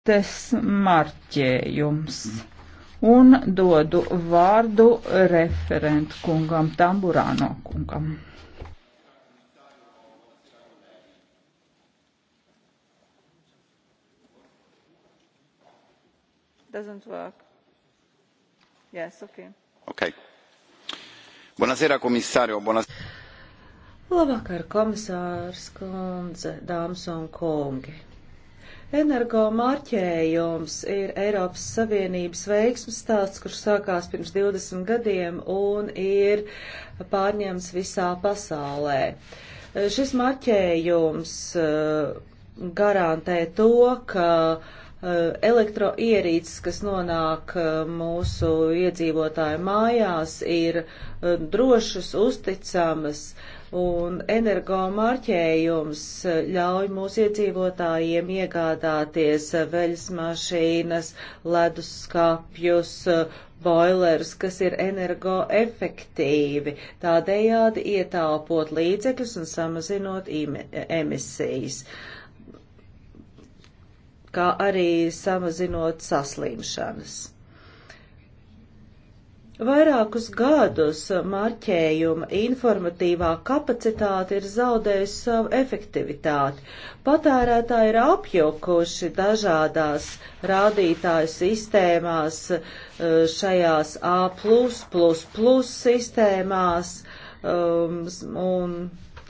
kartes marķējums. Un dodu vārdu referentu kungam Tamburāno kungam. Doesn't work. Yes, okay. Okay. Buonasera, komisārio. Buonasera. Labvakar, komisārs kundze, dāmas un kungi. Energomārķējums ir Eiropas Savienības veiksmes stāsts, kurš sākās pirms 20 gadiem un ir pārņemts visā pasaulē. Šis marķējums eh, garantē to, ka eh, elektroierīces, kas nonāk eh, mūsu iedzīvotāju mājās, ir drošas, uzticamas, uh, un energo marķējums ļauj mūsu iedzīvotājiem iegādāties veļas mašīnas, leduskapjus, boilerus, kas ir energoefektīvi, tādējādi ietāpot līdzekļus un samazinot emisijas kā arī samazinot saslimšanas. Vairākus gadus marķējuma informatīvā kapacitāte ir zaudējusi savu efektivitāti. Patērētāji ir apjukuši dažādās rādītāju sistēmās, eh, šajās A sistēmās um, un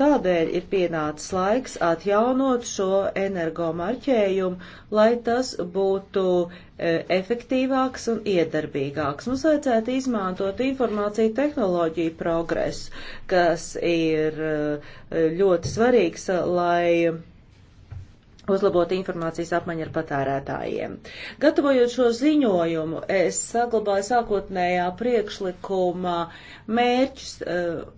Tādēļ ir pienācis laiks atjaunot šo energomarķējumu, lai tas būtu e, efektīvāks un iedarbīgāks. Mums vajadzētu izmantot informāciju tehnoloģiju progresu, kas ir e, ļoti svarīgs, lai uzlabot informācijas apmaiņu ar patērētājiem. Gatavojot šo ziņojumu, es saglabāju sākotnējā priekšlikuma mērķus. Uh,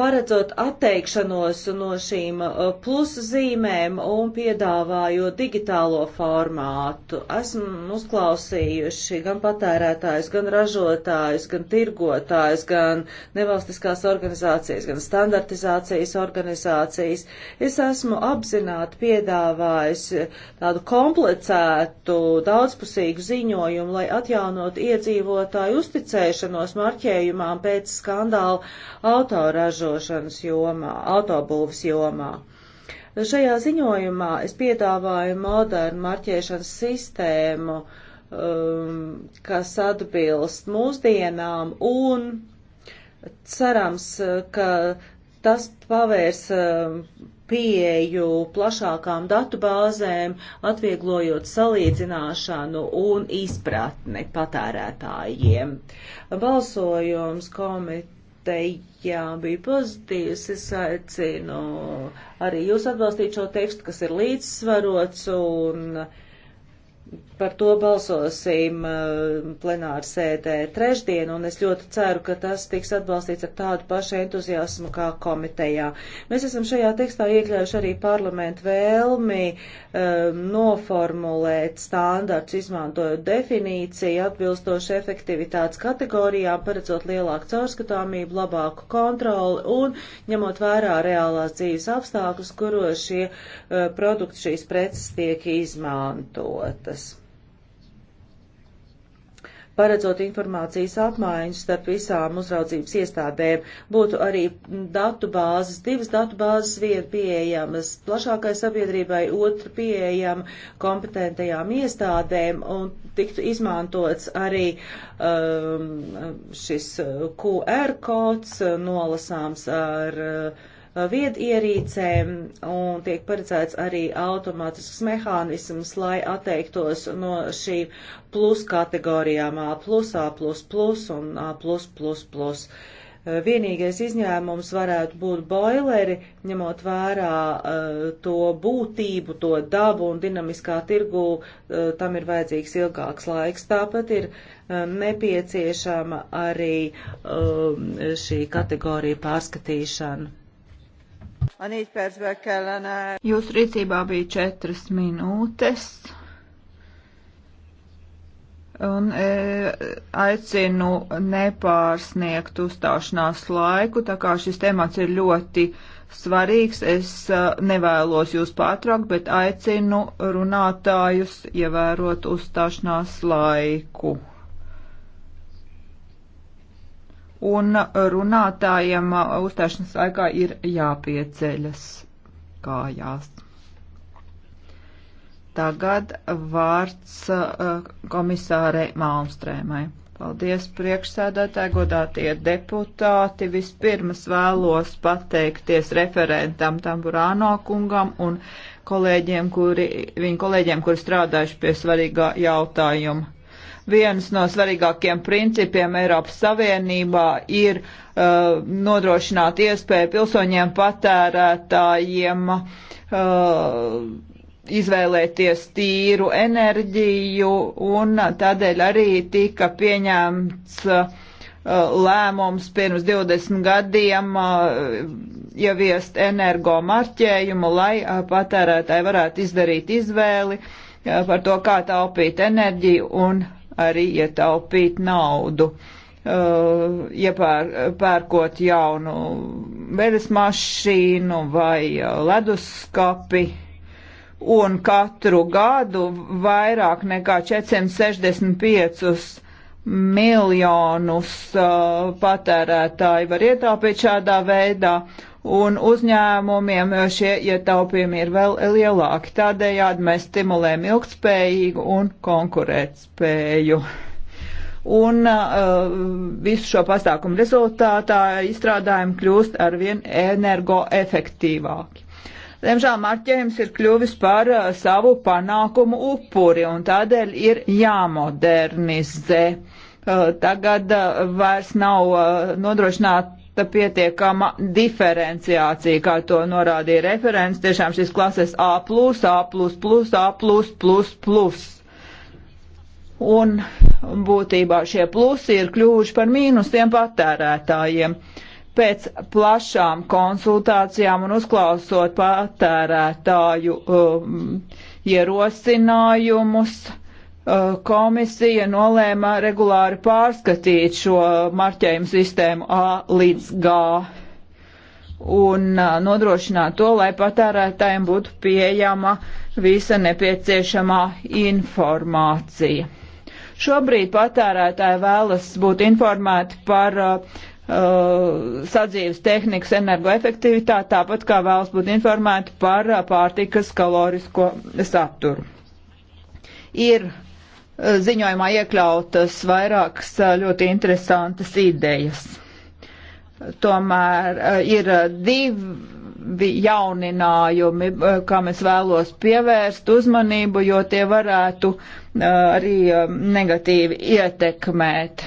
paredzot atteikšanos no šīm uh, pluszīmēm un piedāvājot digitālo formātu. Esmu uzklausījuši gan patērētājs, gan ražotājs, gan tirgotājs, gan nevalstiskās organizācijas, gan standartizācijas organizācijas. Es esmu apzināti piedāvājis tādu komplicētu, daudzpusīgu ziņojumu, lai atjaunot iedzīvotāju uzticēšanos marķējumām pēc skandāla autorā ražošanas jomā, autobūvas jomā. Šajā ziņojumā es piedāvāju modernu marķēšanas sistēmu, um, kas atbilst mūsdienām un cerams, ka tas pavērs um, pieeju plašākām datubāzēm, atvieglojot salīdzināšanu un izpratni patērētājiem. Balsojums komiteja komitejām bija pozitīvs. Es aicinu arī jūs atbalstīt šo tekstu, kas ir līdzsvarots un par to balsosim uh, plenāru sēdē trešdien, un es ļoti ceru, ka tas tiks atbalstīts ar tādu pašu entuziasmu kā komitejā. Mēs esam šajā tekstā iekļaujuši arī parlamentu vēlmi um, noformulēt standarts, izmantojot definīciju atbilstoši efektivitātes kategorijām, paredzot lielāku caurskatāmību, labāku kontroli un ņemot vērā reālās dzīves apstākļus, kuros šie uh, produkti, šīs preces tiek izmantotas paredzot informācijas apmaiņu starp visām uzraudzības iestādēm. Būtu arī datu bāzes, divas datu bāzes viena pieejamas plašākai sabiedrībai, otra pieejama kompetentajām iestādēm un tiktu izmantots arī um, šis uh, QR kods nolasāms ar uh, Uh, viedierīcēm un tiek paredzēts arī automātisks mehānisms, lai atteiktos no šī plus kategorijām A+, A++ un A+++. Uh, vienīgais izņēmums varētu būt boileri, ņemot vērā uh, to būtību, to dabu un dinamiskā tirgu, uh, tam ir vajadzīgs ilgāks laiks. Tāpat ir uh, nepieciešama arī um, šī kategorija pārskatīšana. A négy percben kellene. Jūsu rīcībā bija četras minūtes. Un e, aicinu nepārsniegt uzstāšanās laiku, tā kā šis temats ir ļoti svarīgs. Es e, nevēlos jūs pārtraukt, bet aicinu runātājus ievērot uzstāšanās laiku. un runātājiem uh, uzstāšanas laikā ir jāpieceļas kājās. Tagad vārds uh, komisārei Malmstrēmai. Paldies priekšsēdētāji, godātie deputāti. Vispirms vēlos pateikties referentam Tamburāno kungam un kolēģiem, kuri, viņu kolēģiem, kuri strādājuši pie svarīgā jautājuma Viens no svarīgākiem principiem Eiropas Savienībā ir uh, nodrošināt iespēju pilsoņiem patērētājiem uh, izvēlēties tīru enerģiju, un tādēļ arī tika pieņemts uh, lēmums pirms 20 gadiem uh, ieviest energo marķējumu, lai uh, patērētāji varētu izdarīt izvēli uh, par to, kā taupīt enerģiju un arī ietaupīt naudu. Uh, iepēr, pērkot jaunu veļas mašīnu vai uh, leduskapi, un katru gadu vairāk nekā 465 miljonus uh, patērētāji var ietaupīt šādā veidā, un uzņēmumiem šie ietaupījumi ir vēl lielāki. Tādējādi mēs stimulējam ilgspējīgu un konkurētspēju. Un uh, visu šo pasākumu rezultātā izstrādājumi kļūst arvien energoefektīvāki. Diemžēl marķējums ir kļuvis par uh, savu panākumu upuri un tādēļ ir jāmodernizē. Uh, tagad uh, vairs nav uh, nodrošināta pietiekama diferenciācija, kā to norādīja referents. Tiešām šis klases A, A, A. Un būtībā šie plusi ir kļuvuši par mīnusiem patērētājiem. Pēc plašām konsultācijām un uzklausot patērētāju um, ierosinājumus, uh, Uh, komisija nolēma regulāri pārskatīt šo marķējumu sistēmu A līdz G un uh, nodrošināt to, lai patērētājiem būtu pieejama visa nepieciešamā informācija. Šobrīd patērētāji vēlas būt informēti par uh, uh sadzīves tehnikas energoefektivitāti, tāpat kā vēlas būt informēti par pārtikas kalorisko saturu. Ir uh, Eh, ziņojumā iekļautas vairākas eh, ļoti interesantas idejas. Tomēr eh, ir divi jauninājumi, kam es vēlos pievērst uzmanību, jo tie varētu arī negatīvi ietekmēt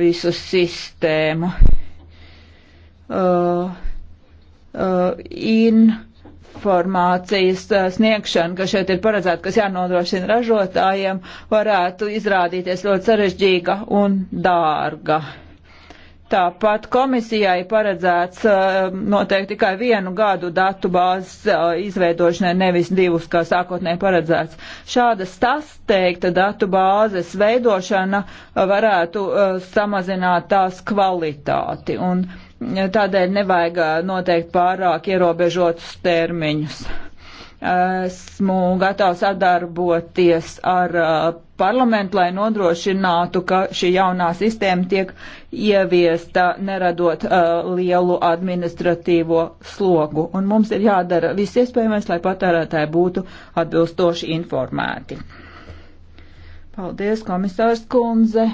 visu sistēmu. Uh, uh, in, uh, informācijas eh, sniegšana, kas šeit ir paredzēta, kas jānodrošina ražotājiem, varētu izrādīties ļoti sarežģīga un dārga. Tāpat komisijai paredzēts eh, noteikti tikai vienu gadu datu bāzes eh, izveidošanai, nevis divus, kā sākotnēji paredzēts. Šāda sasteigta datu bāzes veidošana varētu samazināt tās kvalitāti. Un Tādēļ nevajag noteikt pārāk ierobežotus termiņus. Esmu gatavs sadarboties ar parlamentu, lai nodrošinātu, ka šī jaunā sistēma tiek ieviesta, neradot uh, lielu administratīvo slogu. Un mums ir jādara viss iespējamais, lai patērētāji būtu atbilstoši informēti. Paldies, komisārs Kunze!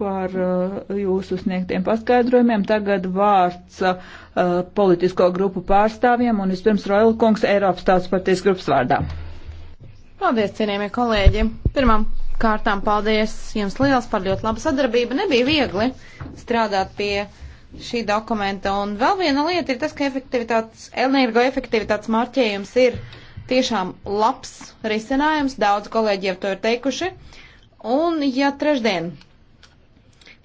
par uh, jūsu sniegtiem paskaidrojumiem. Tagad vārds uh, politisko grupu pārstāvjiem un vispirms Roila kungs Eiropas tautas partijas grupas vārdā. Paldies, cienījamie kolēģi! Pirmam kārtām paldies jums liels par ļoti labu sadarbību. Nebija viegli strādāt pie šī dokumenta. Un vēl viena lieta ir tas, ka efektivitātes, energoefektivitātes marķējums ir tiešām labs risinājums. Daudz kolēģi jau to ir teikuši. Un ja trešdien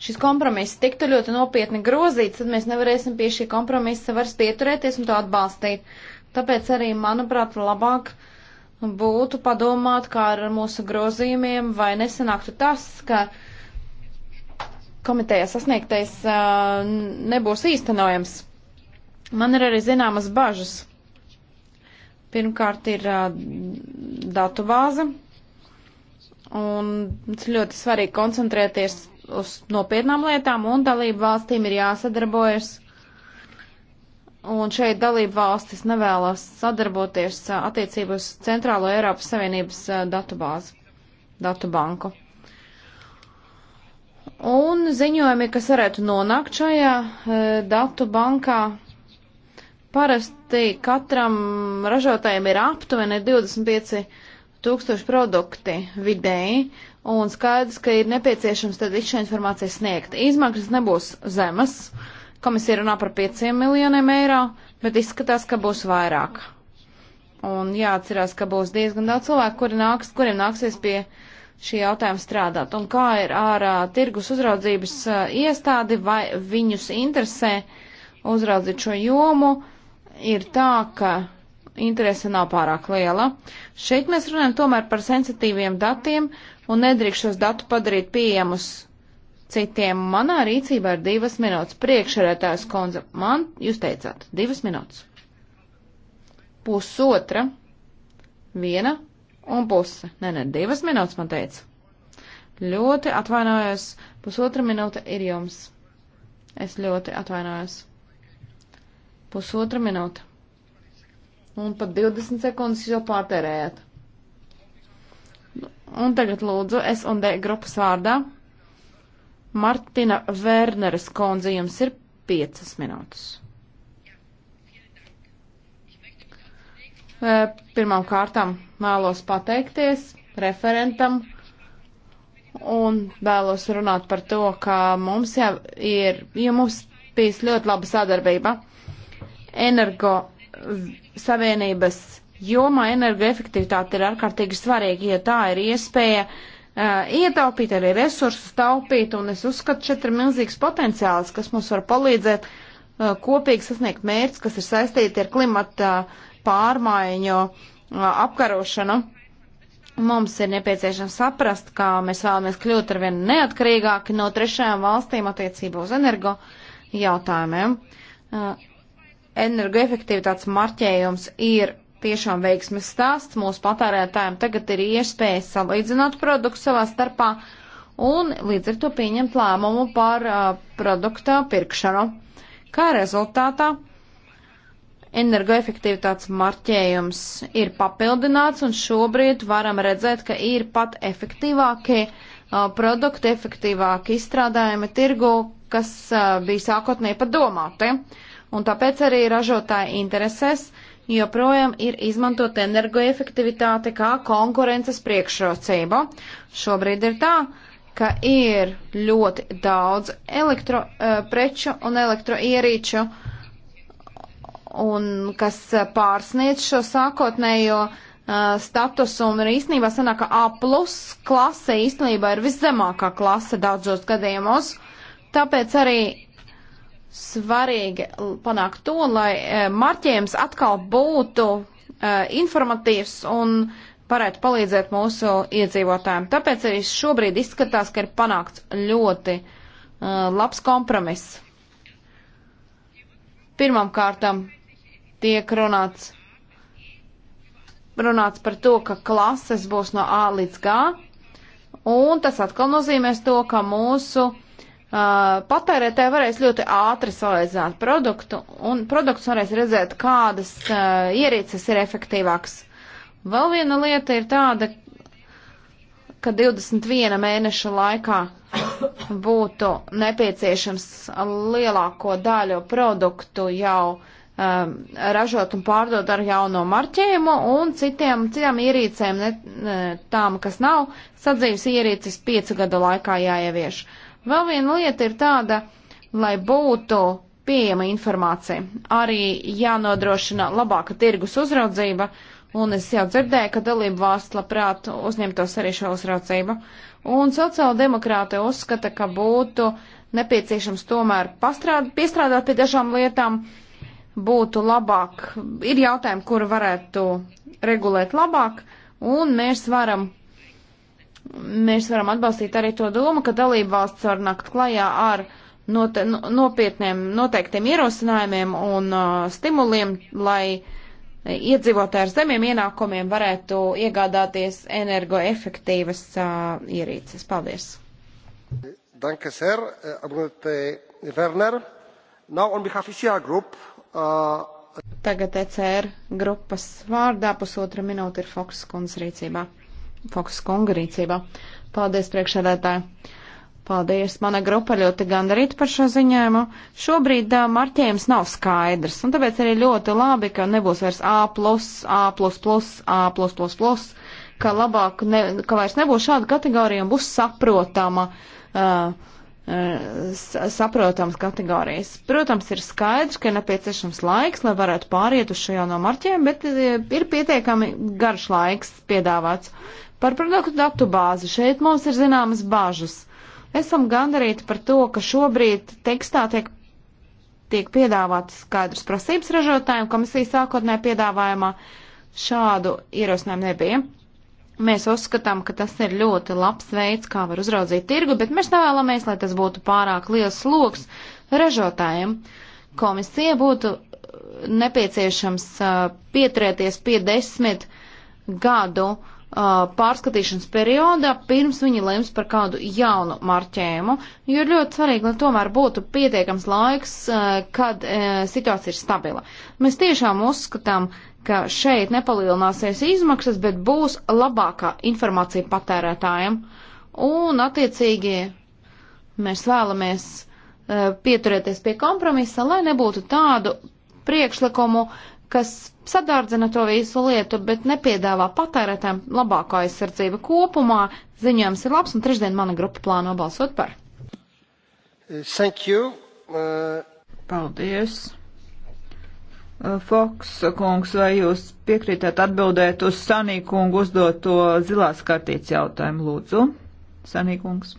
šis kompromiss tiktu ļoti nopietni grozīts, tad mēs nevarēsim pie šī kompromisa vairs pieturēties un to atbalstīt. Tāpēc arī, manuprāt, labāk būtu padomāt, kā ar mūsu grozījumiem, vai nesanāktu tas, ka komitejā sasniegtais uh, nebūs īstenojams. Man ir arī zināmas bažas. Pirmkārt ir uh, datu bāze, un ļoti svarīgi koncentrēties uz nopietnām lietām, un dalību valstīm ir jāsadarbojas. Un šeit dalību valstis nevēlas sadarboties uh, attiecībā uz Centrālo Eiropas Savienības uh, datubāzi, datu banku. Un ziņojumi, kas varētu nonākt šajā e, datu bankā, parasti katram ražotājiem ir aptuveni 25 tūkstoši produkti vidēji, un skaidrs, ka ir nepieciešams tad visu šo informāciju sniegt. Izmaksas nebūs zemas, komisija runā par 5 miljoniem eiro, bet izskatās, ka būs vairāk. Un jāatcerās, ka būs diezgan daudz cilvēku, kuri nāks, kuriem nāksies pie šī jautājuma strādāt. Un kā ir ar uh, tirgus uzraudzības uh, iestādi, vai viņus interesē uzraudzīt šo jomu, ir tā, ka interese nav pārāk liela. Šeit mēs runājam tomēr par sensitīviem datiem, uh, un nedrīkst šos datu padarīt pieejamus citiem. Manā rīcībā ir divas minūtes. Priekšsēdētājs konza, man jūs teicāt, divas minūtes. Pusotra, viena un puse. Nē, nē, divas minūtes man teica. Ļoti atvainojos, pusotra minūte ir jums. Es ļoti atvainojos. Pusotra minūte. Un pat 20 sekundes jau pārterējāt. Un tagad lūdzu S&D grupas vārdā Martina Vērneres kundze, jums ir piecas minūtes. Eh, pirmām kārtām vēlos pateikties referentam un vēlos runāt par to, ka mums jau ir, ja mums bijis ļoti laba sadarbība energo savienības jomā energoefektivitāte ir ārkārtīgi svarīga, jo tā ir iespēja uh, ietaupīt arī resursus, taupīt, un es uzskatu, šeit ir milzīgs potenciāls, kas mums var palīdzēt uh, kopīgi sasniegt mērķus, kas ir saistīti ar klimata eh, pārmaiņu uh, apkarošanu. Mums ir nepieciešams saprast, kā mēs vēlamies kļūt ar vien neatkarīgāki no trešajām valstīm attiecībā uz energo jautājumiem. Uh, energoefektivitātes marķējums ir tiešām veiksmes stāsts. Mūsu patērētājiem tagad ir iespēja salīdzināt produktu savā starpā un līdz ar to pieņemt lēmumu par uh, produkta pirkšanu. Kā rezultātā energoefektivitātes marķējums ir papildināts un šobrīd varam redzēt, ka ir pat efektīvākie uh, produkti, efektīvāki izstrādājumi tirgu, kas uh, bija sākotnēji padomāti. Un tāpēc arī ražotāji interesēs uh, joprojām ir izmantot energoefektivitāte kā konkurences priekšrocība. Šobrīd ir tā, ka ir ļoti daudz elektropreču eh, uh, un elektroierīču, un kas pārsniedz šo sākotnējo uh, eh, statusu, un īstenībā sanāk, ka A klase īstenībā ir viszemākā klase daudzos gadījumos, tāpēc arī svarīgi panākt to, lai e, marķējums atkal būtu e, informatīvs un varētu palīdzēt mūsu iedzīvotājiem. Tāpēc arī šobrīd izskatās, ka ir panākts ļoti uh, labs kompromiss. Pirmām kārtām tiek runāts, runāts par to, ka klases būs no A līdz G, un tas atkal nozīmēs to, ka mūsu Uh, patērētāji varēs ļoti ātri salīdzināt produktu, un produkts varēs redzēt, kādas uh, ierīces ir efektīvākas. Vēl viena lieta ir tāda, ka 21 mēneša laikā būtu nepieciešams lielāko daļu produktu jau um, ražot un pārdot ar jauno marķējumu, un citiem, citām ierīcēm, ne, ne, tām, kas nav sadzīves ierīces, 5 gadu laikā jāievieš. Uh, Vēl viena lieta ir tāda, lai būtu pieejama informācija. Arī jānodrošina labāka tirgus uzraudzība, un es jau dzirdēju, ka dalību valsts labprāt uzņemtos arī šo uzraudzību. Un sociāldemokrāti uzskata, ka būtu nepieciešams tomēr pastrād, piestrādāt pie dažām lietām, būtu labāk, ir jautājumi, kuru varētu regulēt labāk, un mēs varam mēs varam atbalstīt arī to domu, ka dalība valsts var nakt klajā ar note, nopietniem noteiktiem ierosinājumiem un uh, stimuliem, lai iedzīvotāji ar zemiem ienākumiem varētu iegādāties energoefektīvas uh, ierīces. Paldies! Danke sehr, eh, Abrunte Werner. Now on behalf of CR Group. Uh... Tagad ECR grupas vārdā pusotra minūte ir Foks kundzes rīcībā. Foks kunga rīcībā. Paldies, priekšsēdētāji! Paldies, mana grupa ļoti gandarīt par šo ziņojumu. Šobrīd uh, marķējums nav skaidrs, un tāpēc arī ļoti labi, ka nebūs vairs A, A, A, ka labāk, ne, ka vairs nebūs šāda kategorija un būs saprotama. Uh, saprotams kategorijas. Protams, ir skaidrs, ka ir nepieciešams laiks, lai varētu pāriet uz šo jauno marķējumu, bet ir pietiekami garš laiks piedāvāts. Par produktu datu bāzi šeit mums ir zināmas bažas. Esam gandarīti par to, ka šobrīd tekstā tiek, tiek piedāvāts skaidrs prasības ražotājiem, komisijas sākotnē piedāvājumā šādu ierosinājumu nebija. Mēs uzskatām, ka tas ir ļoti labs veids, kā var uzraudzīt tirgu, bet mēs nevēlamies, lai tas būtu pārāk liels sloks ražotājiem. Komisija būtu nepieciešams uh, pieturēties pie desmit gadu uh, pārskatīšanas periodā, pirms viņi lems par kādu jaunu marķējumu, jo ir ļoti svarīgi, lai tomēr būtu pietiekams laiks, kad situācija ir stabila. Mēs tiešām uzskatām, ka šeit nepalielināsies izmaksas, bet būs labākā informācija patērētājiem, un attiecīgi mēs vēlamies pieturēties pie kompromisa, lai nebūtu tādu priekšlikumu, uh, kas sadārdzina to visu lietu, bet nepiedāvā patērētēm labāko aizsardzību kopumā. Ziņojums ir labs, un trešdien mana grupa plāno balsot par. Thank you. Uh... Paldies. Uh, Foks kungs, vai jūs piekrītat atbildēt uz Sanī kungu uzdoto zilās kartītes jautājumu, lūdzu? Sanī kungs.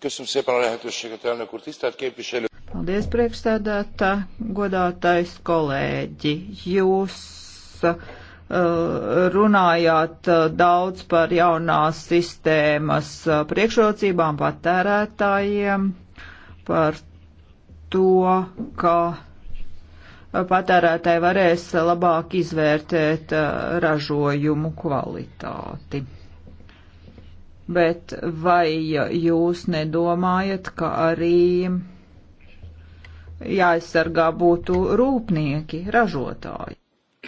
Köszönöm szépen a lehetőséget, elnök úr. Tisztelt képviselő! Paldies, priekšstādātā, godātais kolēģi. Jūs uh, runājāt uh, daudz par jaunās sistēmas uh, priekšrocībām patērētājiem, par to, ka uh, patērētāji varēs labāk izvērtēt ražojumu kvalitāti. Bet vai jūs nedomājat, ka arī jāaizsargā būtu rūpnieki, ražotāji.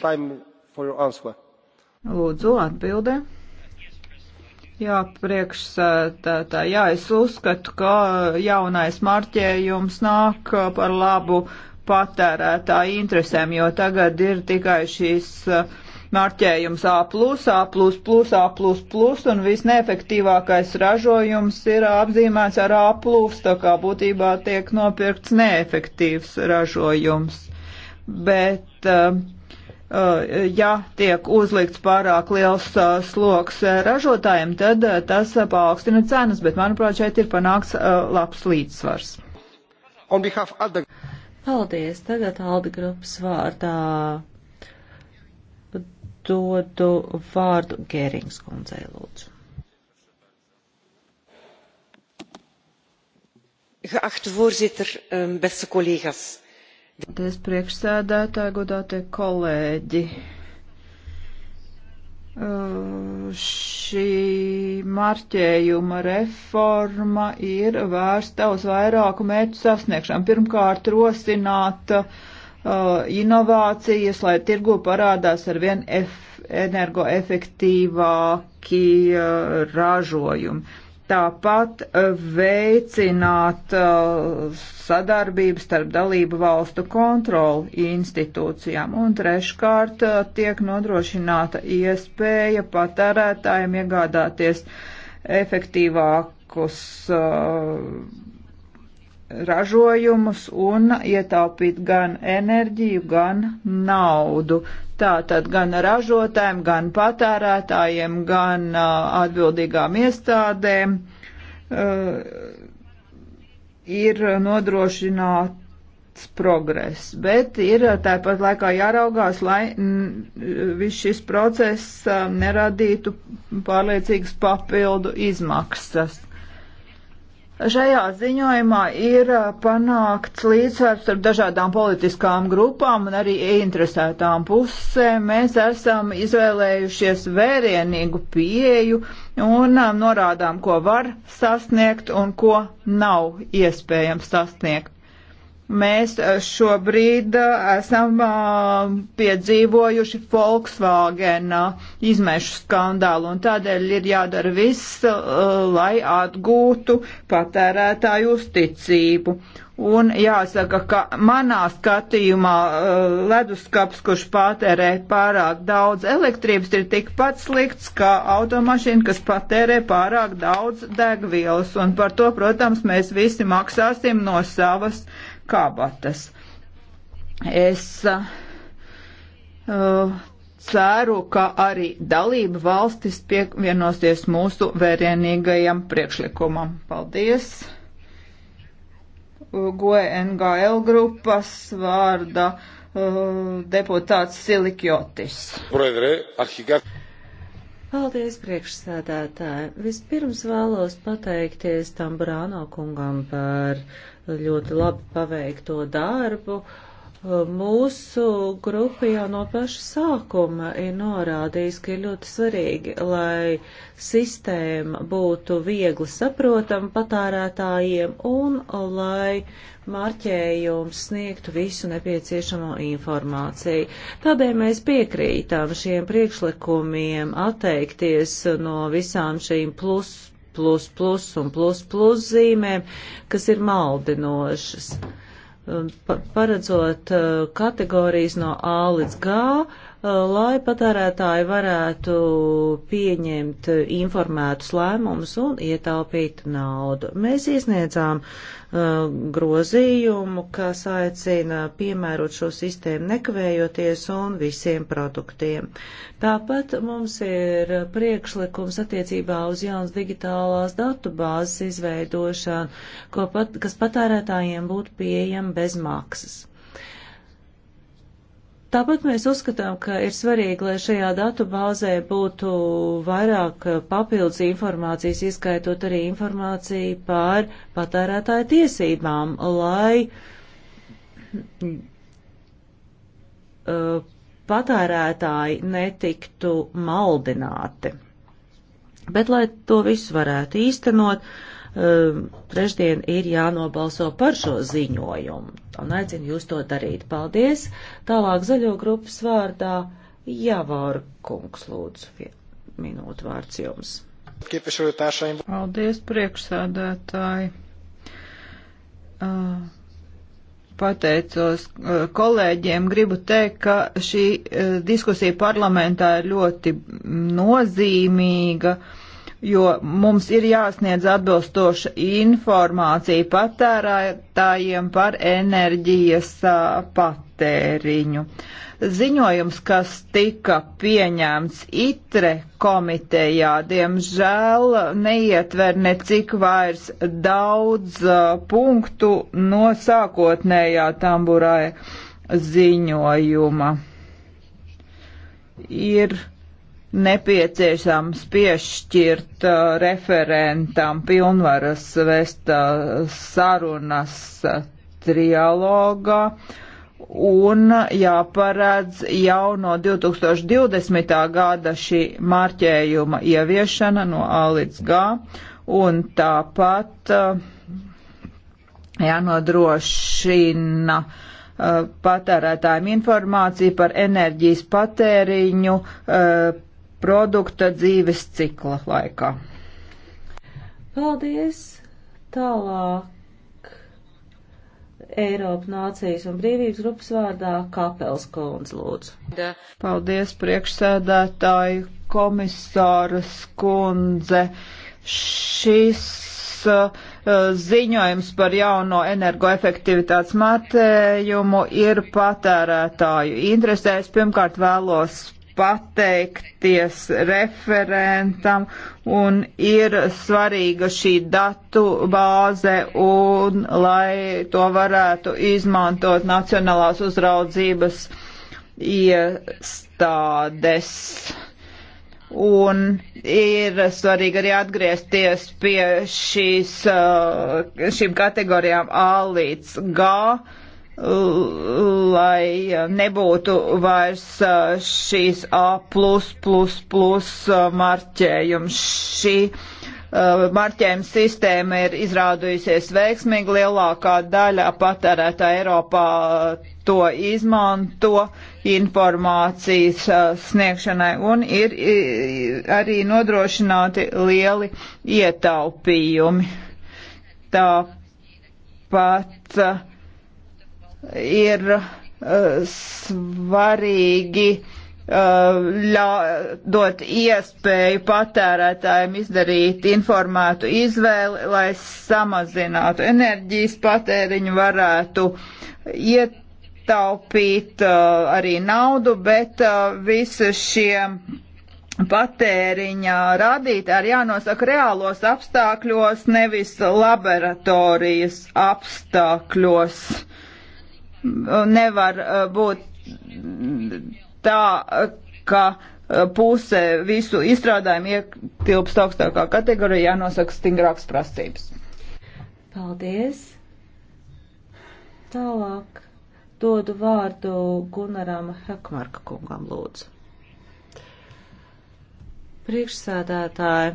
Lūdzu, atbildē. Jā, priekšsēdētāji, jā, es uzskatu, ka jaunais marķējums nāk par labu patērētāju interesēm, jo tagad ir tikai šīs uh, marķējums A, A, A, un visneefektīvākais ražojums ir apzīmēts ar A, tā kā būtībā tiek nopirkts neefektīvs ražojums. Bet, eh, eh, ja tiek uzlikts pārāk liels eh, sloks ražotājiem, tad tas paaugstina cenas, bet, manuprāt, šeit ir panāks labs līdzsvars. Paldies, tagad Aldi grupas vārdā dodu vārdu Gērings kundzei, lūdzu. Geachte voorzitter, ehm, beste collega's. Paldies priekšsēdētāji, godātie kolēģi. Uh, šī marķējuma reforma ir vērsta uz vairāku mērķu sasniegšanu. Pirmkārt, rosināt uh, Uh, inovācijas, lai tirgu parādās ar vien energoefektīvāki uh, ražojumi. Tāpat uh, veicināt sadarbību starp dalību valstu kontroli institūcijām. Un treškārt tiek nodrošināta iespēja patērētājiem iegādāties efektīvākus uh, ražojumus un ietaupīt gan enerģiju, gan naudu. Tātad gan ražotājiem, gan patērētājiem, gan uh, atbildīgām iestādēm uh, ir nodrošināts progress, bet ir uh, tāpat laikā jāraugās, lai viss šis process uh, neradītu pārliecīgas papildu izmaksas Šajā ziņojumā ir uh, panākts līdzsvars ar dažādām politiskām grupām un arī interesētām pusēm. Mēs esam izvēlējušies vērienīgu pieeju un um, norādām, ko var sasniegt un ko nav iespējams sasniegt. Mēs eh, šobrīd eh, esam eh, piedzīvojuši Volkswagena izmešu skandālu, un tādēļ ir jādara viss, lai atgūtu patērētāju uzticību. Un jāsaka, ka manā skatījumā leduskaps, kurš patērē pārāk daudz elektrības, ir tikpat slikts kā automašīna, kas patērē pārāk daudz degvielas. Un par to, protams, mēs visi maksāsim no savas kabatas. Es uh, ceru, ka arī dalība valstis pievienosies mūsu vērienīgajam priekšlikumam. Paldies! GNGL grupas vārda uh, deputāts Silikjotis. Paldies, priekšsēdētāji! Vispirms vēlos pateikties Tamburāno kungam par uh, ļoti labi paveikto darbu. Mūsu grupa jau no paša sākuma ir norādījis, ka ir ļoti svarīgi, lai sistēma būtu viegli saprotama patērētājiem un lai marķējums sniegtu visu nepieciešamo informāciju. Tādēļ mēs piekrītām šiem priekšlikumiem atteikties no visām šīm plus plus, plus un plus, plus zīmēm, kas ir maldinošas. Um, pa, paredzot uh, kategorijas no A līdz G, Uh, lai patērētāji varētu pieņemt informētus lēmumus un ietaupīt naudu. Mēs iesniedzām uh, grozījumu, kas aicina piemērot šo sistēmu nekavējoties un visiem produktiem. Tāpat mums ir priekšlikums attiecībā uz jaunas digitālās datu bāzes izveidošanu, pat, kas patērētājiem būtu pieejama bez maksas. Tāpat mēs uzskatām, ka ir svarīgi, lai šajā datu bāzē būtu vairāk papildus informācijas, ieskaitot arī informāciju par patērētāju tiesībām, lai uh, patērētāji netiktu maldināti. Bet, lai to visu varētu īstenot, eh, trešdien ir jānobalso par šo ziņojumu. Un aicinu jūs to darīt. Paldies! Tālāk zaļo grupas vārdā Javor Kungs lūdzu. Minūtu vārds jums. Paldies, priekšsēdētāji! Uh pateicos eh, kolēģiem. Gribu teikt, ka šī eh, diskusija parlamentā ir ļoti nozīmīga, jo mums ir jāsniedz atbilstoša informācija patērētājiem par enerģijas eh, patēriņu. Uh, Ziņojums, kas tika pieņemts ITRE komitejā, diemžēl neietver necik vairs daudz uh, punktu no sākotnējā tamburāja ziņojuma. Ir nepieciešams piešķirt uh, referentam pilnvaras vest uh, sarunas uh, trialogā. Uh, un jāparedz jau no 2020. gada šī marķējuma ieviešana no A līdz G, un tāpat eh, jānodrošina eh, patērētājiem informācija par enerģijas patēriņu eh, produkta dzīves cikla laikā. Paldies! Tālāk Eiropa nācijas un brīvības grupas vārdā Kapels Kolns lūdzu. Paldies priekšsēdētāju komisāras kundze. Šis uh, ziņojums par jauno energoefektivitātes matējumu ir patērētāju interesēs. Pirmkārt vēlos pateikties referentam un ir svarīga šī datu bāze un lai to varētu izmantot Nacionālās uzraudzības iestādes. Un ir svarīgi arī atgriezties pie šīs, uh, šīm kategorijām A līdz G lai nebūtu vairs šīs A marķējums. Šī marķējuma sistēma ir izrādījusies veiksmīgi, lielākā daļa patērētā Eiropā to izmanto informācijas sniegšanai un ir arī nodrošināti lieli ietaupījumi. Tāpat uh, ir eh, svarīgi eh, ļa, dot iespēju patērētājiem izdarīt informētu izvēli, lai samazinātu enerģijas patēriņu, varētu ietaupīt eh, arī naudu, bet visi šie patēriņa rādītāji ir jānosaka reālos apstākļos, nevis laboratorijas apstākļos. Uh, nevar eh, būt tā, ka eh, puse visu izstrādājumu ietilpst augstākā kategorijā, jānosaka stingrākas prasības. Paldies! Tālāk dodu vārdu Gunaram Hekmarka kungam lūdzu. Priekšsēdētāji,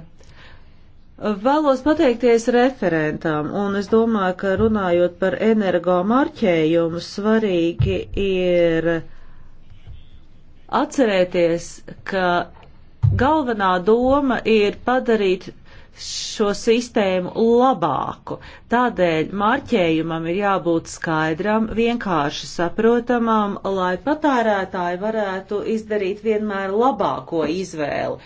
Vēlos pateikties referentam, un es domāju, ka runājot par energo marķējumu, svarīgi ir atcerēties, ka galvenā doma ir padarīt šo sistēmu labāku. Tādēļ marķējumam ir jābūt skaidram, vienkārši saprotamam, lai patērētāji varētu izdarīt vienmēr labāko izvēli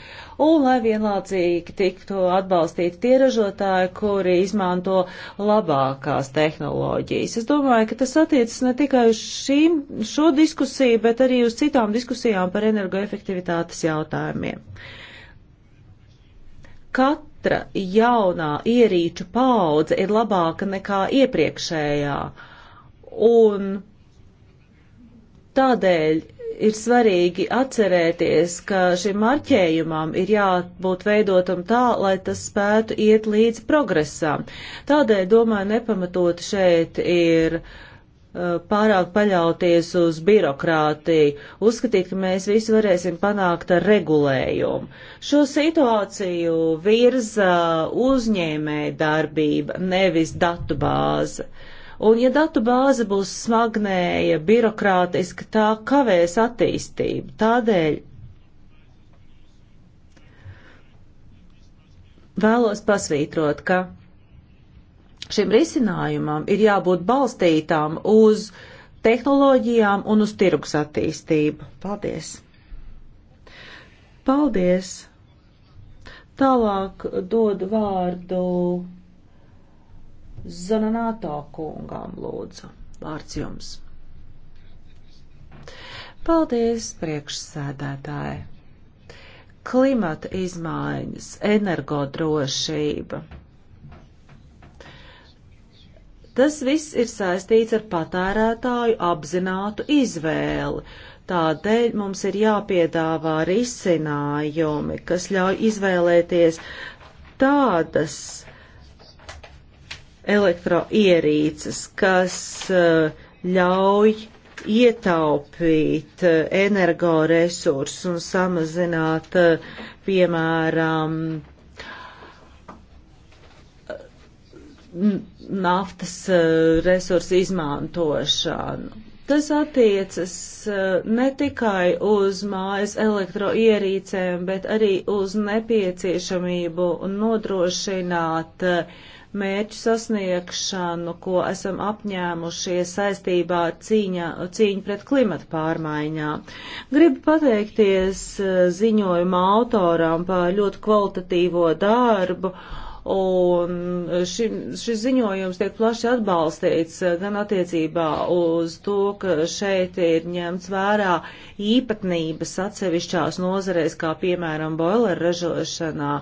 un lai vienlādzīgi tiktu atbalstīti tie ražotāji, kuri izmanto labākās tehnoloģijas. Es domāju, ka tas attiecas ne tikai uz šīm, šo diskusiju, bet arī uz citām diskusijām par energoefektivitātes jautājumiem. Katra jaunā ierīču paudze ir labāka nekā iepriekšējā, un tādēļ ir svarīgi atcerēties, ka šim marķējumam ir jābūt veidotam tā, lai tas spētu iet līdz progresām. Tādēļ, domāju, nepamatot šeit ir uh, pārāk paļauties uz birokrātiju, uzskatīt, ka mēs visu varēsim panākt ar regulējumu. Šo situāciju virza uzņēmē darbība, nevis datubāze. Uh, Un ja datu bāze būs smagnēja, birokrātiska, tā kavēs attīstību. Tādēļ vēlos pasvītrot, ka šim risinājumam ir jābūt balstītām uz tehnoloģijām un uz tirgus attīstību. Paldies! Paldies! Tālāk dod vārdu Zananāto kungām lūdzu. Vārds jums. Paldies, priekšsēdētāji. Klimata izmaiņas, energodrošība. Tas viss ir saistīts ar patērētāju apzinātu izvēli. Tādēļ mums ir jāpiedāvā risinājumi, kas ļauj izvēlēties tādas elektroierīces, kas eh, ļauj ietaupīt eh, energoresursus un samazināt, eh, piemēram, naftas resursu izmantošanu. Tas attiecas ne tikai uz mājas elektroierīcēm, bet arī uz nepieciešamību nodrošināt uh, mērķu sasniegšanu, ko esam apņēmušies saistībā ar cīņa, cīņu pret klimatu pārmaiņām. Gribu pateikties eh, ziņojuma autoram par ļoti kvalitatīvo darbu un ši, šis ziņojums tiek plaši atbalstīts eh, gan attiecībā uz to, ka šeit ir ņemts vērā īpatnības atsevišķās nozarēs, kā piemēram boiler ražošanā,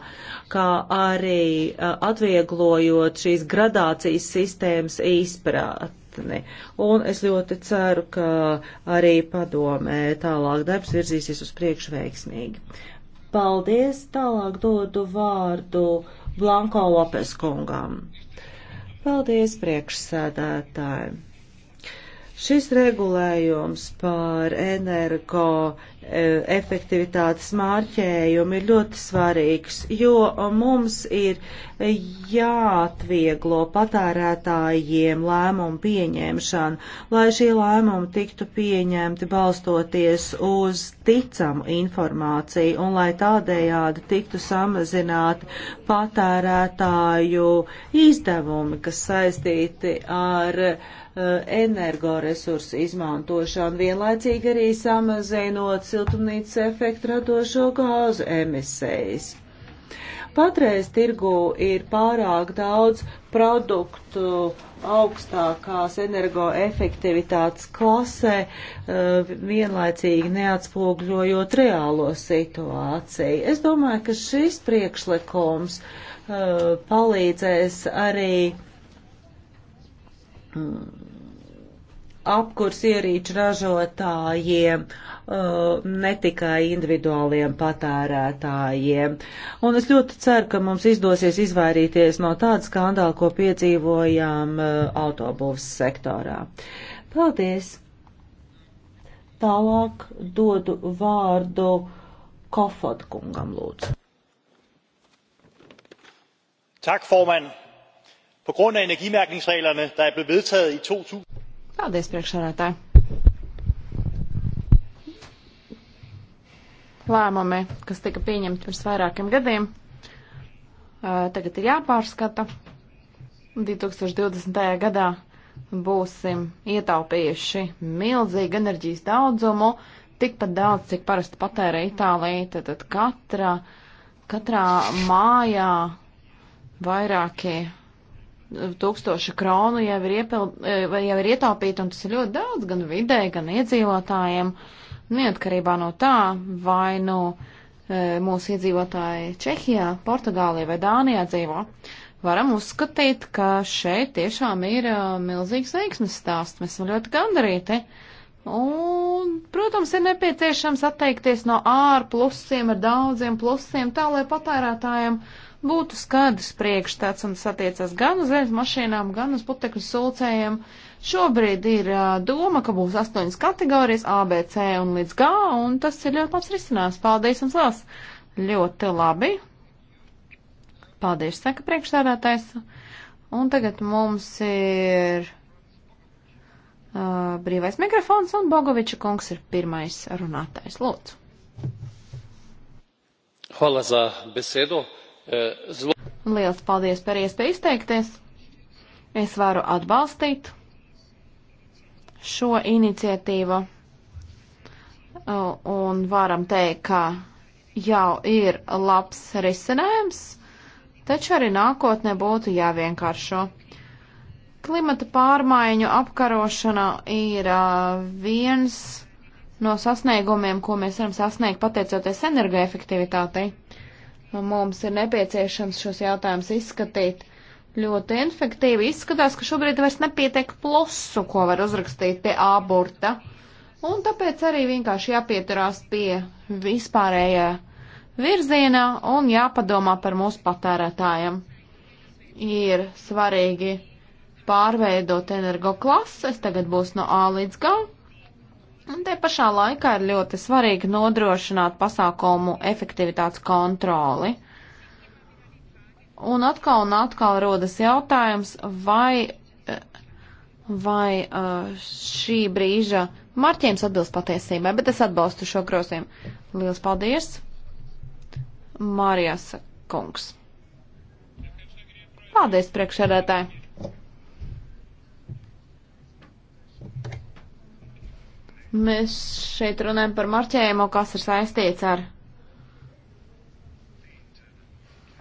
kā arī eh, atvieglojot šīs gradācijas sistēmas izprāt izpratni. Un es ļoti ceru, ka arī padomē tālāk darbs virzīsies uz priekšu veiksmīgi. Paldies! Tālāk dodu vārdu Blanko Lopes kungam. Paldies priekšsēdētāji! Šis regulējums par energo e, efektivitātes mārķējumu ir ļoti svarīgs, jo mums ir jāatvieglo patērētājiem lēmumu pieņemšanu, lai šie lēmumi tiktu pieņemti balstoties uz ticamu informāciju un lai tādējādi tiktu samazināti patērētāju izdevumi, kas saistīti ar uh, Eh, energoresursu izmantošanu, vienlaicīgi arī samazinot siltumnīcas efektu radošo gāzu emisijas. Patreiz tirgu ir pārāk daudz produktu augstākās energoefektivitātes klasē, eh, vienlaicīgi neatspogļojot reālo situāciju. Es domāju, ka šis priekšlikums eh, palīdzēs arī uh, apkurs ierīču ražotājiem, uh, ne tikai individuāliem patērētājiem. Un es ļoti ceru, ka mums izdosies izvairīties no tāda skandāla, ko piedzīvojām uh, autobūvas sektorā. Paldies! Tālāk dodu vārdu Kofod kungam lūdzu. Tak, formand. På grund af energimærkningsreglerne, der er blevet vedtaget i 2000... Paldies, priekšsādātāji. Lēmumi, kas tika pieņemti pirms vairākiem gadiem, tagad ir jāpārskata. 2020. gadā būsim ietaupījuši milzīgu enerģijas daudzumu, tikpat daudz, cik parasti patērē Itālija. Tad katrā, katrā mājā vairākie tūkstoši kronu jau ir, iepild, e, jau ir ietaupīta, un tas ir ļoti daudz gan vidē, gan iedzīvotājiem. Neatkarībā no tā, vai nu e, mūsu iedzīvotāji Čehijā, Portugālijā vai Dānijā dzīvo, varam uzskatīt, ka šeit tiešām ir e, milzīgs veiksmes stāsts. Mēs esam ļoti gandarīti. Un, protams, ir nepieciešams atteikties no ārplusiem ar daudziem plusiem, tā lai patērētājiem uh, būtu skaidrs priekšstats un satiecas gan uz zemes mašīnām, gan uz putekļu sulcējiem. Šobrīd ir uh, doma, ka būs astoņas kategorijas A, B, C un līdz G, un tas ir ļoti labs risinājums. Paldies jums liels! Ļoti labi! Paldies, saka priekšsēdētājs. Un tagad mums ir uh, brīvais mikrofons, un Bogoviča kungs ir pirmais runātājs. Lūdzu! Hvala za besedo zlo. Liels paldies par iespēju izteikties. Es varu atbalstīt šo iniciatīvu un varam teikt, ka jau ir labs risinājums, taču arī nākotnē būtu jāvienkāršo. Klimata pārmaiņu apkarošana ir viens no sasniegumiem, ko mēs varam sasniegt pateicoties energoefektivitātei. Nu, mums ir nepieciešams šos jautājumus izskatīt ļoti infektīvi. Izskatās, ka šobrīd vairs nepietiek plosu, ko var uzrakstīt pie aborta. Un tāpēc arī vienkārši jāpieturās pie vispārējā virzienā un jāpadomā par mūsu patērētājiem. Ir svarīgi pārveidot energo klases, tagad būs no A līdz G, Un te pašā laikā ir ļoti svarīgi nodrošināt pasākumu efektivitātes kontroli. Un atkal un atkal rodas jautājums, vai, eh, vai eh, šī brīža marķējums atbilst patiesībai, bet es atbalstu šo grozījumu. Lielas paldies, Mārijas kungs. Paldies, priekšsēdētāji! Mēs šeit runājam par marķējumu, kas ir saistīts ar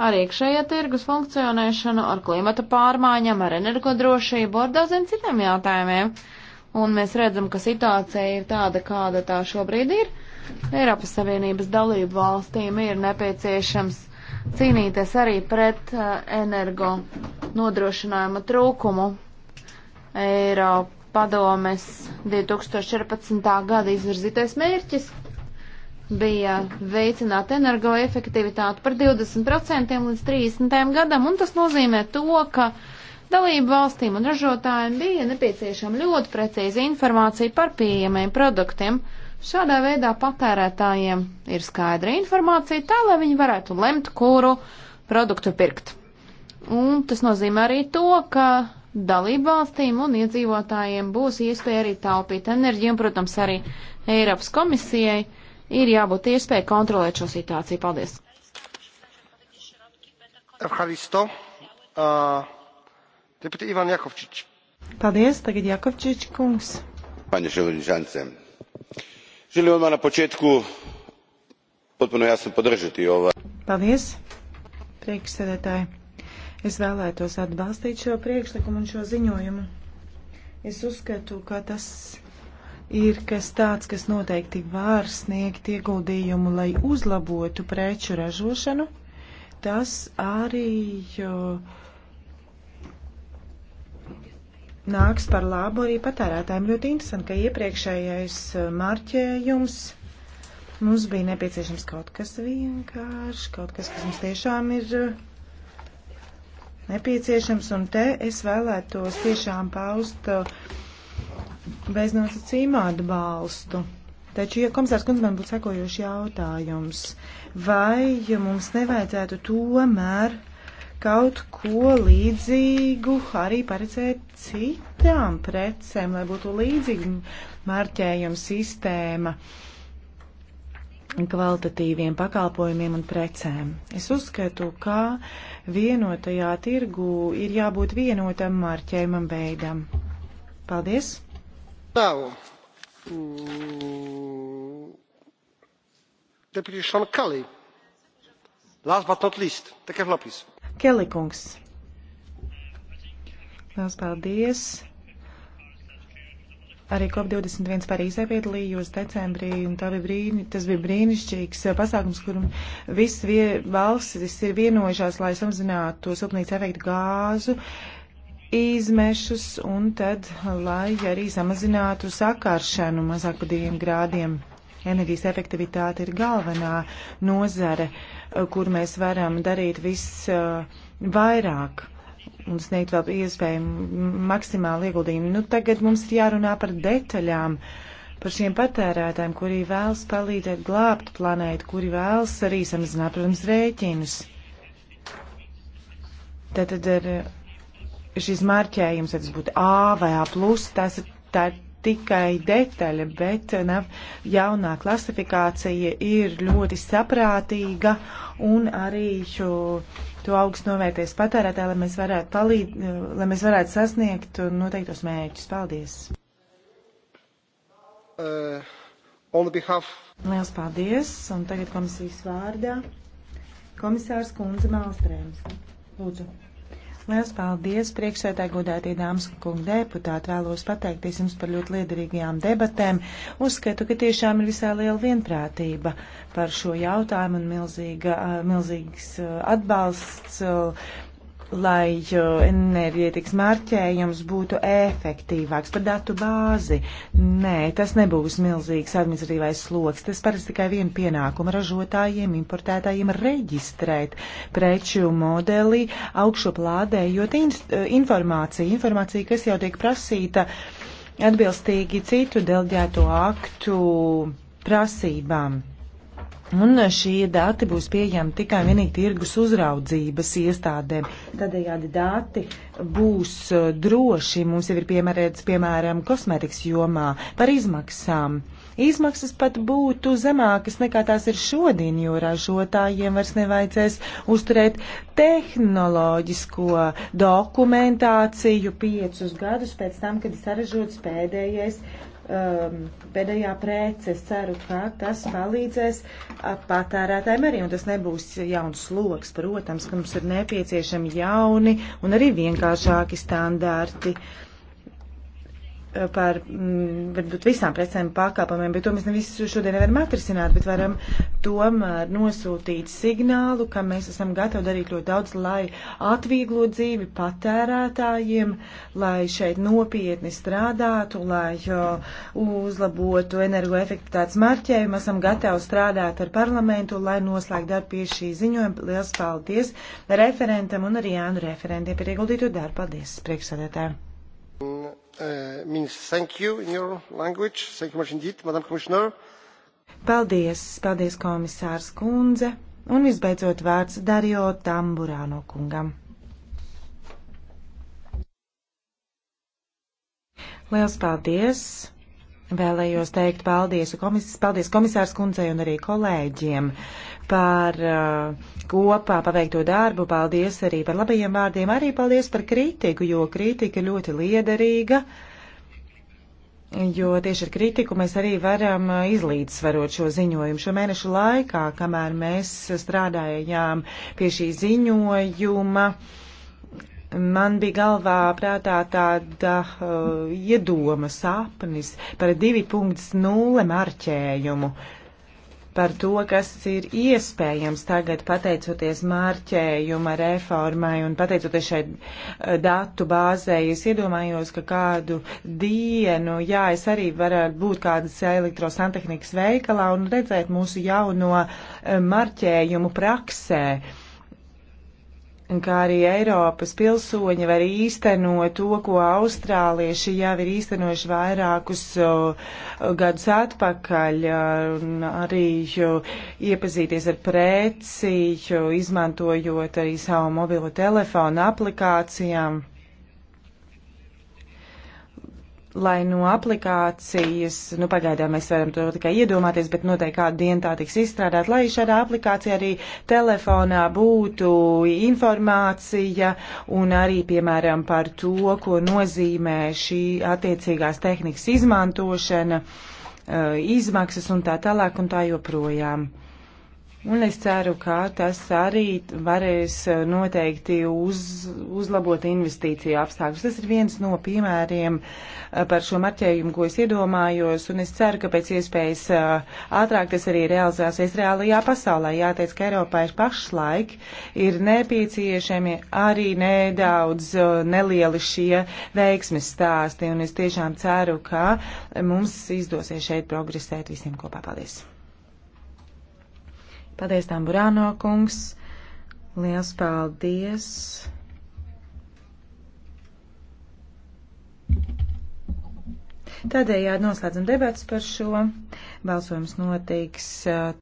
ar iekšējā tirgus funkcionēšanu, ar klimata pārmaiņām, ar energodrošību, ar daudziem citiem jautājumiem. Un mēs redzam, ka situācija ir tāda, kāda tā šobrīd ir. Eiropas Savienības dalību valstīm ir nepieciešams cīnīties arī pret uh, energo nodrošinājuma trūkumu. Eiropa padomes 2014. gada izvirzītais mērķis bija veicināt energoefektivitāti par 20% līdz 30. gadam, un tas nozīmē to, ka dalību valstīm un ražotājiem bija nepieciešama ļoti precīza informācija par pieejamiem produktiem. Šādā veidā patērētājiem ir skaidra informācija, tā lai viņi varētu lemt, kuru produktu pirkt. Un tas nozīmē arī to, ka dalībvalstīm un iedzīvotājiem būs iespēja arī taupīt enerģiju, un, protams, arī Eiropas komisijai ir jābūt iespēja kontrolēt šo situāciju. Paldies! Paldies, tagad Jakovčič kungs. Panie Ševrničance, želim odmah na početku potpuno jasno podržati ovo. Paldies, priekšsēdētāji. Es vēlētos atbalstīt šo priekšlikumu un šo ziņojumu. Es uzskatu, ka tas ir kas tāds, kas noteikti var sniegt ieguldījumu, lai uzlabotu preču ražošanu. Tas arī nāks par labu arī patērētājiem. Ļoti interesanti, ka iepriekšējais eh, marķējums mums bija nepieciešams kaut kas vienkāršs, kaut kas, kas mums tiešām ir eh, nepieciešams, un te es vēlētos tiešām paust uh, beznosacījumu atbalstu. Taču, ja komisārs kundze man būtu sekojoši jautājums, vai ja mums nevajadzētu tomēr kaut ko līdzīgu arī paredzēt citām precēm, lai būtu līdzīga marķējuma sistēma? Uh, kvalitatīviem pakalpojumiem un precēm. Es uzskatu, ka vienotajā tirgu ir jābūt vienotam marķējumam veidam. Paldies! Nav. Mm. Deputy Sean Kelly. Last but not least, Teker Lopis. Kelly kungs. Liels paldies! Arī COP21 Parīzē piedalījos decembrī, un brīni, tas bija brīnišķīgs pasākums, kur visas valstis ir vienojušās, lai samazinātu to siltumnīca efektu gāzu izmešus, un tad, lai arī samazinātu sakāršanu mazāk par diviem grādiem. Enerģijas efektivitāte ir galvenā nozare, kur mēs varam darīt viss uh, vairāk un sniegt vēl iespēju maksimāli ieguldījumu. Nu, tagad mums ir jārunā par detaļām, par šiem patērētājiem, kuri vēlas palīdzēt glābt planētu, kuri vēlas arī samazināt, protams, rēķinus. Tātad ar šis marķējums, tas būtu A vai A+, tas ir tā ir tikai detaļa, bet nav, jaunā klasifikācija ir ļoti saprātīga un arī šo, to augstu novērties patērētā, lai mēs varētu, palīd, lai mēs varētu sasniegt noteiktos mērķus. Paldies! Uh, behalf... Liels paldies! Un tagad komisijas vārdā komisārs Kunze Mālstrēms. Lūdzu. Liels paldies, priekšsētāji godētie dāmas un kungi deputāti. Vēlos pateikties jums par ļoti liederīgajām debatēm. Uzskatu, ka tiešām ir visai liela vienprātība par šo jautājumu un milzīga, milzīgs atbalsts lai enerģētikas marķējums būtu efektīvāks par datu bāzi. Nē, tas nebūs milzīgs administratīvais sloks. Tas parasti tikai vienu pienākumu ražotājiem, importētājiem reģistrēt preču modeli augšuplādējot informāciju, informāciju, kas jau tiek prasīta atbilstīgi citu delģēto aktu prasībām. Un šie dati būs pieejami tikai un vienīgi tirgus uzraudzības iestādēm. Tādējādi dati būs e, droši. Mums jau ir piemērēts, piemēram, kosmetikas jomā par izmaksām. Izmaksas pat būtu zemākas nekā tās ir šodien, jo ražotājiem vairs nevajadzēs uzturēt tehnoloģisko dokumentāciju piecus gadus pēc tam, kad ir saražots pēdējais um, pēdējā prece. Es ceru, ka tas palīdzēs patērētājiem arī, un tas nebūs jauns sloks. Protams, ka mums ir nepieciešami jauni un arī vienkāršāki standarti. Uh, Eh, par m, mm, varbūt visām precēm pakāpamiem, bet to mēs nevisu šodien nevaram atrisināt, bet varam tomēr nosūtīt signālu, ka mēs esam gatavi darīt ļoti daudz, lai atvieglo dzīvi patērētājiem, lai šeit nopietni strādātu, lai uzlabotu energoefektivitātes marķējumu, esam gatavi strādāt ar parlamentu, lai noslēgtu darbu pie šī ziņojuma. Liels paldies referentam un arī Jānu referentiem par ieguldīto darbu. Paldies, priekšsēdētāji! Mm, uh, paldies, paldies komisārs kundze. Un visbeidzot vārds Dario Tamburāno kungam. Liels paldies! Vēlējos teikt paldies, komis, paldies komisārs kundzei un arī kolēģiem par uh, kopā paveikto darbu, paldies arī par labajiem vārdiem, arī paldies par kritiku, jo kritika ļoti liederīga, jo tieši ar kritiku mēs arī varam uh, izlīdzsvarot šo ziņojumu. Šo mēnešu laikā, kamēr mēs strādājām pie šī ziņojuma, man bija galvā prātā tāda uh, iedoma sapnis par 2.0 marķējumu. Uh, par to, kas ir iespējams tagad pateicoties mārķējuma reformai un pateicoties šai eh, datu bāzei. Es iedomājos, ka kādu dienu, jā, es arī varētu būt kādas elektrosantehnikas veikalā un redzēt mūsu jauno eh, marķējumu praksē kā arī Eiropas pilsoņi var īstenot to, ko austrālieši jau ir īstenojuši vairākus gadus atpakaļ, un arī iepazīties ar preci, izmantojot arī savu mobilo telefonu aplikācijām lai no aplikācijas, nu pagaidām mēs varam to tikai iedomāties, bet noteikti kādu dienu tā tiks izstrādāt, lai šādā aplikācijā arī telefonā būtu informācija un arī, piemēram, par to, ko nozīmē šī attiecīgās tehnikas izmantošana, eh, izmaksas un tā tālāk un tā joprojām. Un es ceru, ka tas arī varēs eh, noteikti uz, uzlabot investīciju apstākļus. Tas ir viens no piemēriem eh, par šo marķējumu, ko es iedomājos, un es ceru, ka pēc iespējas eh, ātrāk tas arī realizēsies reālajā pasaulē. Jāteic, ka Eiropā ir pašlaik ir nepieciešami arī nedaudz nelieli šie veiksmes stāsti, un es tiešām ceru, ka mums izdosies šeit progresēt visiem kopā. Paldies! Paldies, Tamburāno kungs. Liels paldies. Tādējādi noslēdzam debatas par šo. Balsojums notiks.